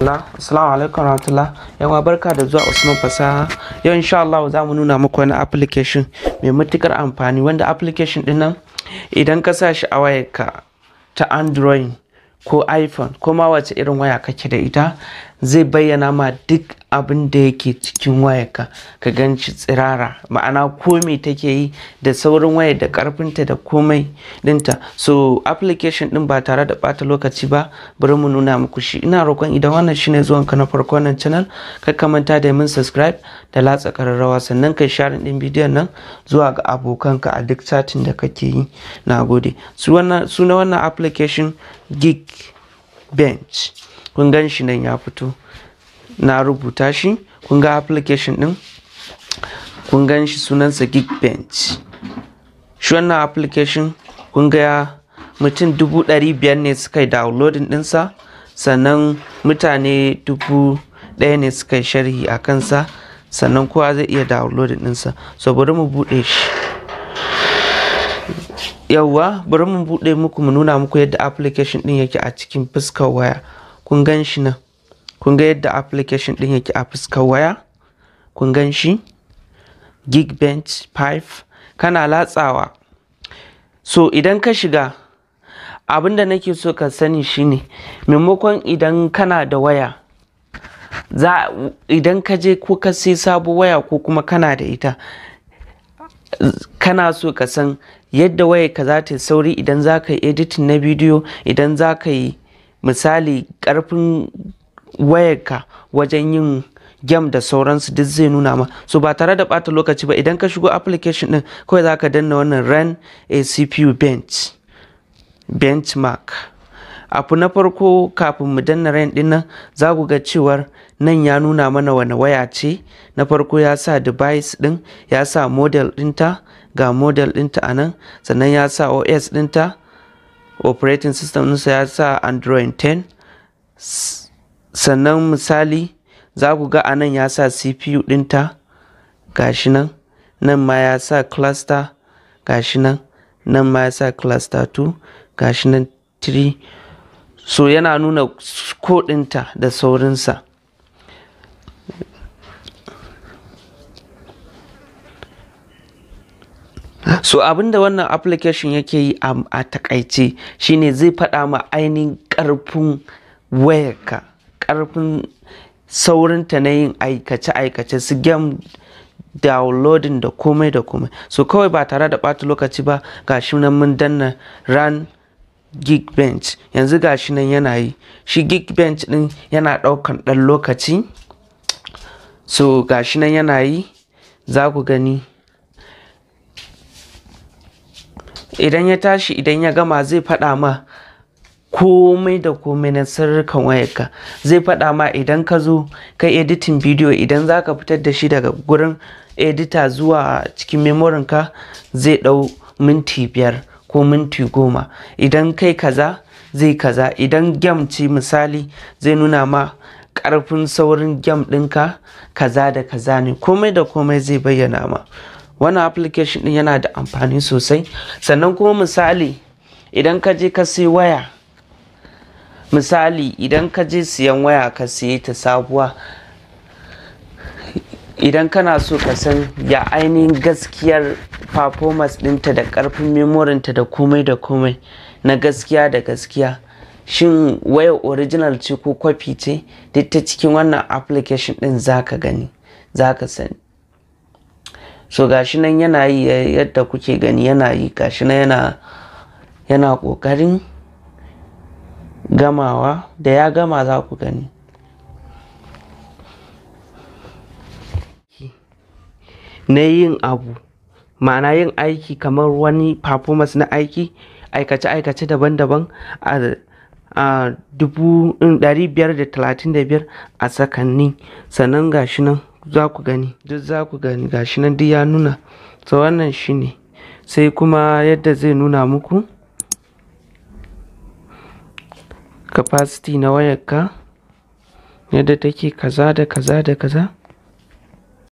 Assalamu alaikum rahmatullah yawa barka da zuwa Usman fasaha yau insha Allah za mu nuna muku wani application mai matukar amfani wanda application din nan idan ka sa shi a wayarka ta Android ko iPhone ko ma wace irin waya kake da ita zai bayyana ma duk abin da yake cikin waya ka gan shi tsirara ma'ana komai take yi da saurin waya da karfinta da komai dinta so application din ba tare da bata lokaci ba bari mu nuna muku shi ina roƙon idan wannan shine zuwan ka na farko wannan channel ka kamanta da min subscribe da latsa kararrawa sannan kai share din bidiyon nan zuwa ga abokanka a duk satin da kake yi nagode su wannan suna wannan application gig bench kun gan shi nan ya fito na rubuta shi kun ga application din kun gan shi sunansa geekbench shi wannan application kun ga mutum dubu ɗari biyar ne suka yi downloading ɗinsa sannan mutane dubu ɗaya ne suka yi sharhi a kansa sannan kowa zai iya downloading ɗinsa so bari mu bude shi yauwa bari mu bude muku mu nuna muku yadda application ɗin yake a cikin fuskar waya kun gan shi nan kun ga yadda application ɗin yake a fuskar waya kun gan shi gigbench 5 kana latsawa so idan ka shiga abin da nake so ka sani shine maimakon idan kana da waya za idan ka je ko ka sai sabo waya ko kuma kana da ita kana so ka san yadda waya ka za ta sauri idan za ka yi editing na bidiyo idan za ka yi misali karfin wayarka wajen yin game da sauransu duk zai nuna ma so ba tare da bata lokaci ba idan ka shigo application din kawai za ka danna wannan ran a cpu bench benchmark abu na farko kafin mu danna ran din nan za ku ga cewar nan ya nuna mana wani waya ce na farko ya sa device din ya sa model dinta ga model dinta a nan sannan ya sa os dinta operating system ɗinsa ya sa android 10 sannan misali za ku ga a nan ya sa cpu ɗinta gashi nan nan ma ya sa cluster gashi nan nan ma ya sa cluster 2 gashi nan 3 so yana nuna kodinta da saurinsa so abinda wannan application yake yi a takaice shine zai faɗa ma ainihin ƙarfin wayarka karfin saurinta na yin aikace-aikace su game downloading da komai da komai so kawai ba tare da ɓata lokaci ba ga shi nan mun danna ran bench. yanzu ga shi nan yana yi shi bench din yana ɗaukan ɗan lokaci so ga shi nan yana yi za ku gani idan ya tashi idan ya gama zai faɗa ma komai da komai na sirrikan wayarka zai faɗa ma idan ka zo ka editin bidiyo idan za ka fitar da shi daga gurin edita zuwa cikin memorinka zai ɗau minti biyar ko minti goma idan kai kaza zai kaza idan gem ce misali zai nuna ma ƙarfin saurin gem ɗinka kaza da kaza ne komai da komai zai bayyana ma wannan application ɗin yana da amfani sosai sannan kuma misali idan ka je ka sai waya misali idan ka je siyan waya ka siye ta sabuwa idan kana so ka san ya ainihin gaskiyar performance ɗinta da ƙarfin memorinta da komai da komai na gaskiya da gaskiya shin waya original ce ko kwafi ce duk ta cikin wannan application din za ka gani za ka sani so gashi nan yana yi yadda kuke gani yana yi gashi nan yana yana ƙoƙarin gamawa da ya gama za ku gani na yin abu ma'ana yin aiki kamar wani performance na aiki aikace-aikace daban-daban a biyar a sakanni sannan gashi nan za ku gani duk za ku gani gashi nan duk ya nuna so wannan shine sai kuma yadda zai nuna muku capacity na wayarka yadda take kaza da kaza da kaza